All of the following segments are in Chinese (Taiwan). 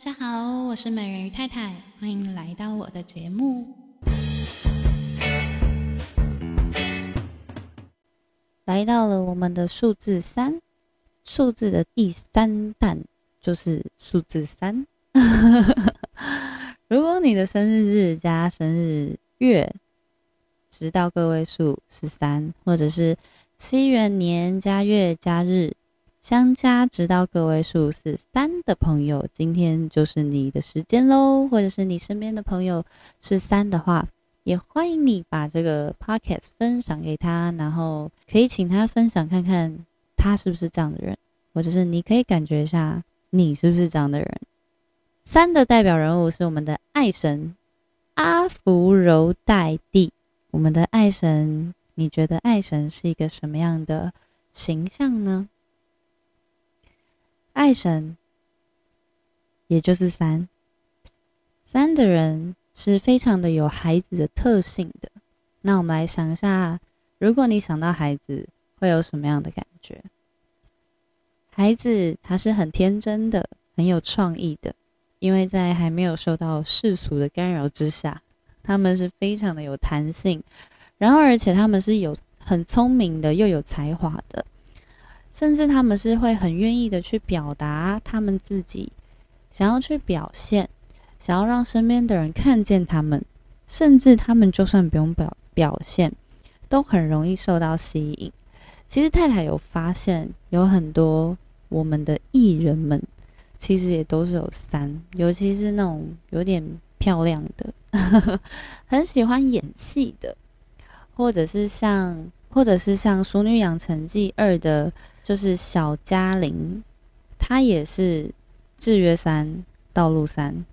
大家好，我是美人魚太太，歡迎來到我的節目。來到了我們的數字三，數字的第三彈就是數字三。 如果你的生日日加生日月，直到個位數是三，或者是西元年加月加日。相加直到個位數是三的朋友，今天就是你的時間嘍。或者是你身邊的朋友是三的話，也歡迎你把這個 podcast 分享給他，然後可以請他分享看看他是不是這樣的人，或者是你可以感覺一下你是不是這樣的人。三的代表人物是我們的愛神阿芙柔黛蒂。我們的愛神，你覺得愛神是一個什麼樣的形象呢？愛神，也就是三。三的人是非常的有孩子的特性的。那我們來想一下，如果你想到孩子，會有什麼樣的感覺？孩子他是很天真的，很有創意的，因為在還沒有受到世俗的干擾之下，他們是非常的有彈性。然後，而且他們是有很聰明的，又有才華的。甚至他們是會很願意的去表達他們自己，想要去表現，想要讓身邊的人看見他們。甚至他們就算不用表表現，都很容易受到吸引。其實太太有發現，有很多我們的藝人們，其實也都是有三，尤其是那種有點漂亮的，呵呵很喜歡演戲的，或者是像，或者是像《淑女養成記二》的。就是小嘉玲，她也是制約三、道路三，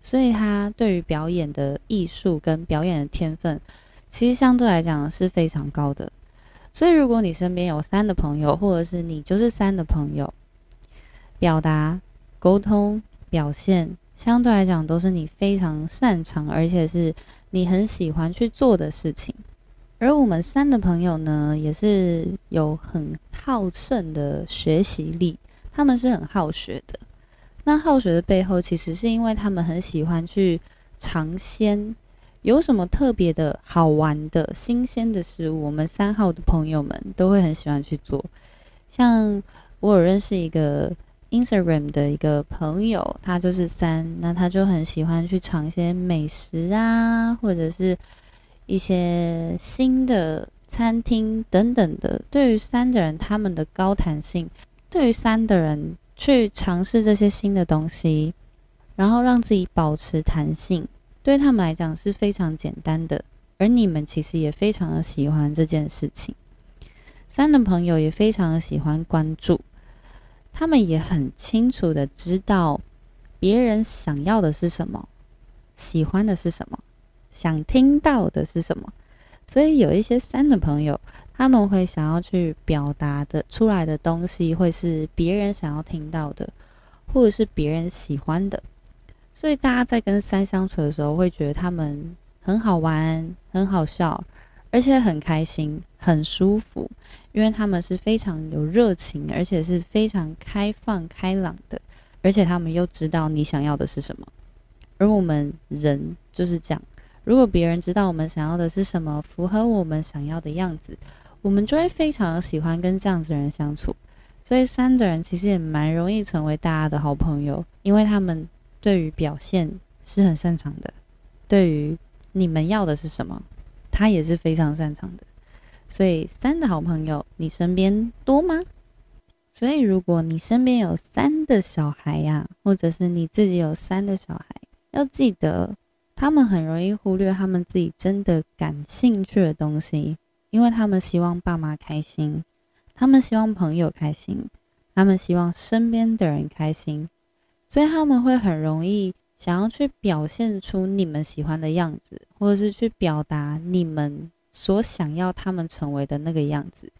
所以她對於表演的藝術跟表演的天分，其實相對來講是非常高的。所以如果你身邊有三的朋友，或者是你就是三的朋友，表達、溝通、表現，相對來講都是你非常擅長，而且是你很喜歡去做的事情。而我們三的朋友呢，也是有很好勝的學習力，他們是很好學的。那好學的背後，其實是因為他們很喜歡去嘗鮮，有什麼特別的好玩的新鮮的食物，我們三號的朋友們都會很喜歡去做。像我有認識一個 Instagram 的一個朋友，他就是三，那他就很喜歡去嘗一些美食啊，或者是。一些新的餐廳等等的，對於三的人，他們的高彈性，對於三的人去嘗試這些新的東西，然後讓自己保持彈性，對他們來講是非常簡單的。而你們其實也非常的喜歡這件事情，三的朋友也非常的喜歡關注，他們也很清楚的知道別人想要的是什麼，喜歡的是什麼。想聽到的是什麼？所以有一些三的朋友，他們會想要去表達的出來的東西，會是別人想要聽到的，或者是別人喜歡的。所以大家在跟三相處的時候，會覺得他們很好玩、很好笑，而且很開心、很舒服，因為他們是非常有熱情，而且是非常開放、開朗的，而且他們又知道你想要的是什麼。而我們人就是這樣。如果別人知道我們想要的是什麼，符合我們想要的樣子，我們就會非常喜歡跟這樣子的人相處。所以三的人其實也蠻容易成為大家的好朋友，因為他們對於表現是很擅長的，對於你們要的是什麼，他也是非常擅長的。所以三的好朋友，你身邊多嗎？所以如果你身邊有三的小孩呀、啊，或者是你自己有三的小孩，要記得。他們很容易忽略他們自己真的感興趣的東西，因為他們希望爸媽開心，他們希望朋友開心，他們希望身邊的人開心，所以他們會很容易想要去表現出你們喜歡的樣子，或者是去表達你們所想要他們成為的那個樣子，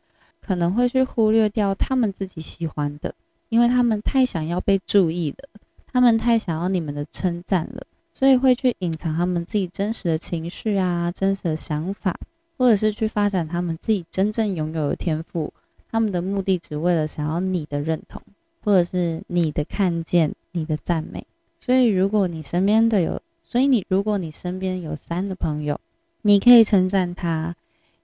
可能會去忽略掉他們自己喜歡的，因為他們太想要被注意了，他們太想要你們的稱讚了。所以會去隱藏他們自己真實的情緒啊，真實的想法，或者是去發展他們自己真正擁有的天賦。他們的目的只為了想要你的認同，或者是你的看見、你的讚美。所以，如果你身邊的有，所以你如果你身邊有三的朋友，你可以稱讚他，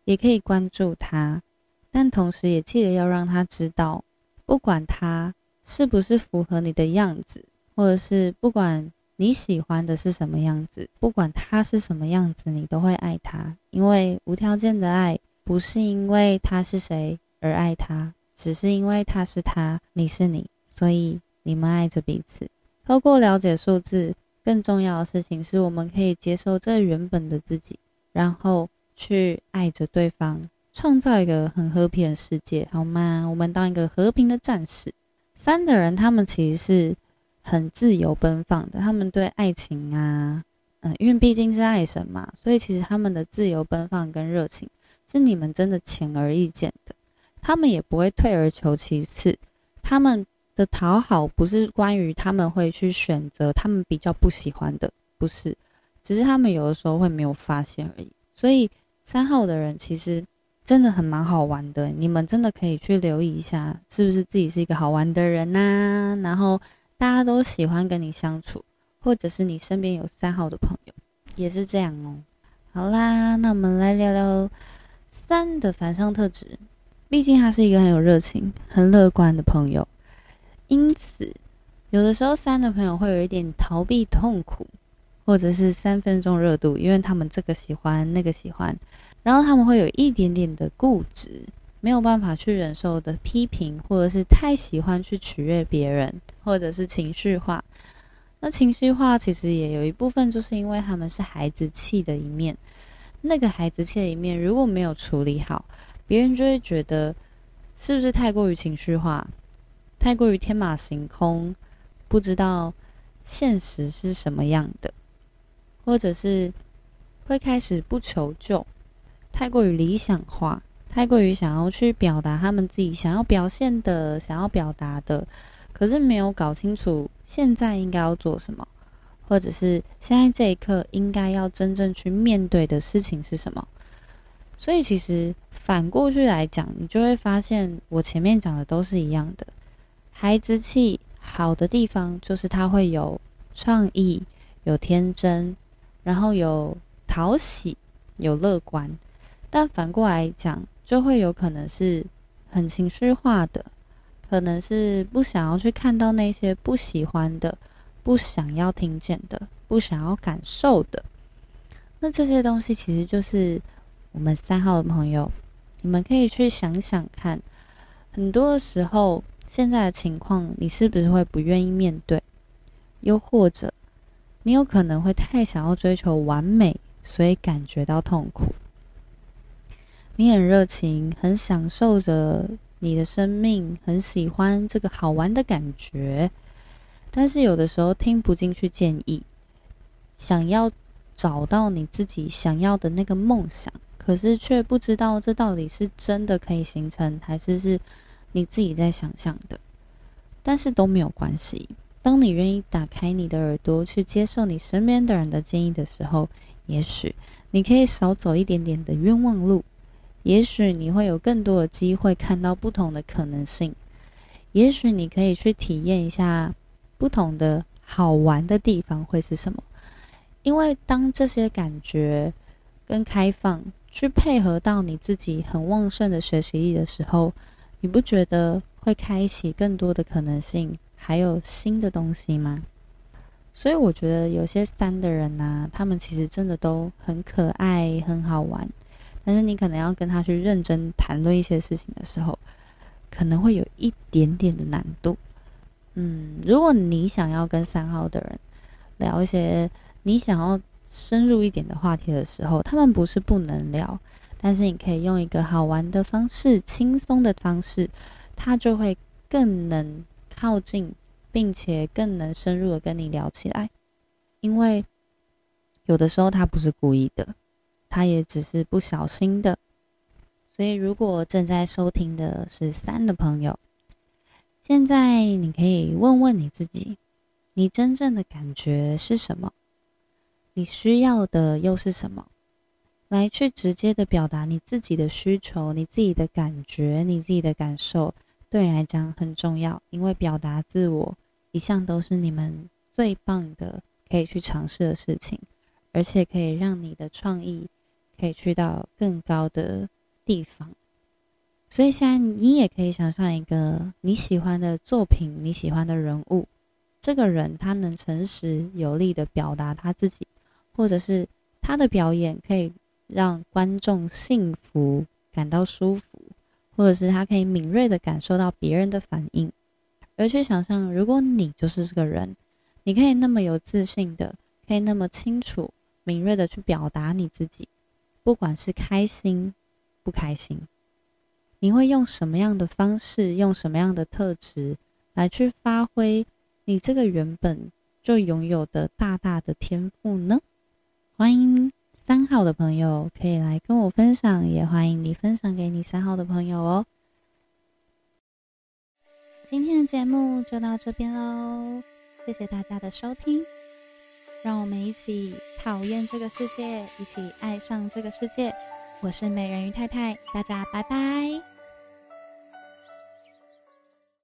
也可以關注他，但同時也記得要讓他知道，不管他是不是符合你的樣子，或者是不管。你喜歡的是什麼樣子？不管他是什麼樣子，你都會愛他，因為無條件的愛不是因為他是誰而愛他，只是因為他是他，你是你，所以你們愛着彼此。透過了解數字，更重要的事情是我們可以接受這原本的自己，然後去愛着對方，創造一個很和平的世界，好嗎？我們當一個和平的戰士。三的人，他們其實是。很自由奔放的，他們對愛情啊，嗯，因為畢竟是愛神嘛，所以其實他們的自由奔放跟熱情是你們真的顯而易見的。他們也不會退而求其次，他們的討好不是關於他們會去選擇他們比較不喜歡的，不是，只是他們有的時候會沒有發現而已。所以三號的人其實真的很蠻好玩的，你們真的可以去留意一下，是不是自己是一個好玩的人吶、啊？然後。大家都喜歡跟你相處，或者是你身邊有三號的朋友，也是這樣哦。好啦，那我們來聊聊三的反向特質。畢竟他是一個很有熱情、很樂觀的朋友，因此有的時候三的朋友會有一點逃避痛苦，或者是三分鐘熱度，因為他們這個喜歡那個喜歡，然後他們會有一點點的固執，沒有辦法去忍受的批評，或者是太喜歡去取悅別人。或者是情緒化，那情緒化其實也有一部分，就是因為他們是孩子氣的一面。那個孩子氣的一面如果沒有處理好，別人就會覺得是不是太過於情緒化，太過於天馬行空，不知道現實是什麼樣的，或者是會開始不求救，太過於理想化，太過於想要去表達他們自己想要表現的、想要表達的。可是沒有搞清楚現在應該要做什麼，或者是現在這一刻應該要真正去面對的事情是什麼，所以其實反過去來講，你就會發現我前面講的都是一樣的。孩子氣好的地方就是他會有創意、有天真，然後有討喜、有樂觀，但反過來講就會有可能是很情緒化的。可能是不想要去看到那些不喜歡的，不想要聽見的，不想要感受的。那這些東西其實就是我們三號的朋友，你們可以去想想看。很多時候，現在的情況，你是不是會不願意面對？又或者，你有可能會太想要追求完美，所以感覺到痛苦。你很熱情，很享受着。你的生命很喜歡這個好玩的感覺，但是有的時候聽不進去建議，想要找到你自己想要的那個夢想，可是卻不知道這到底是真的可以形成，還是是你自己在想象的。但是都沒有關係，當你願意打開你的耳朵去接受你身邊的人的建議的時候，也許你可以少走一點點的冤枉路。也許你會有更多的機會看到不同的可能性，也許你可以去體驗一下不同的好玩的地方會是什麼。因為當這些感覺跟開放去配合到你自己很旺盛的學習力的時候，你不覺得會開啟更多的可能性，還有新的東西嗎？所以我覺得有些三的人吶、啊，他們其實真的都很可愛，很好玩。但是你可能要跟他去認真談論一些事情的時候，可能會有一點點的難度。嗯，如果你想要跟三號的人聊一些你想要深入一點的話題的時候，他們不是不能聊，但是你可以用一個好玩的方式、輕鬆的方式，他就會更能靠近，並且更能深入的跟你聊起來。因為有的時候他不是故意的。他也只是不小心的，所以如果正在收聽的是三的朋友，現在你可以問問你自己，你真正的感覺是什麼？你需要的又是什麼？來去直接的表達你自己的需求、你自己的感覺、你自己的感受，對你來講很重要，因為表達自我一向都是你們最棒的可以去嘗試的事情，而且可以讓你的創意。可以去到更高的地方，所以現在你也可以想象一個你喜歡的作品，你喜歡的人物，這個人他能誠實有力的表達他自己，或者是他的表演可以讓觀眾幸福感到舒服，或者是他可以敏銳的感受到別人的反應，而去想象如果你就是這個人，你可以那麼有自信的，可以那麼清楚敏銳的去表達你自己。不管是開心不開心，你會用什麼樣的方式，用什麼樣的特質來去發揮你這個原本就擁有的大大的天賦呢？歡迎三號的朋友可以來跟我分享，也歡迎你分享給你三號的朋友哦。今天的節目就到這邊嘍，謝謝大家的收聽。讓我們一起討厭這個世界，一起愛上這個世界。我是美人魚太太，大家拜拜。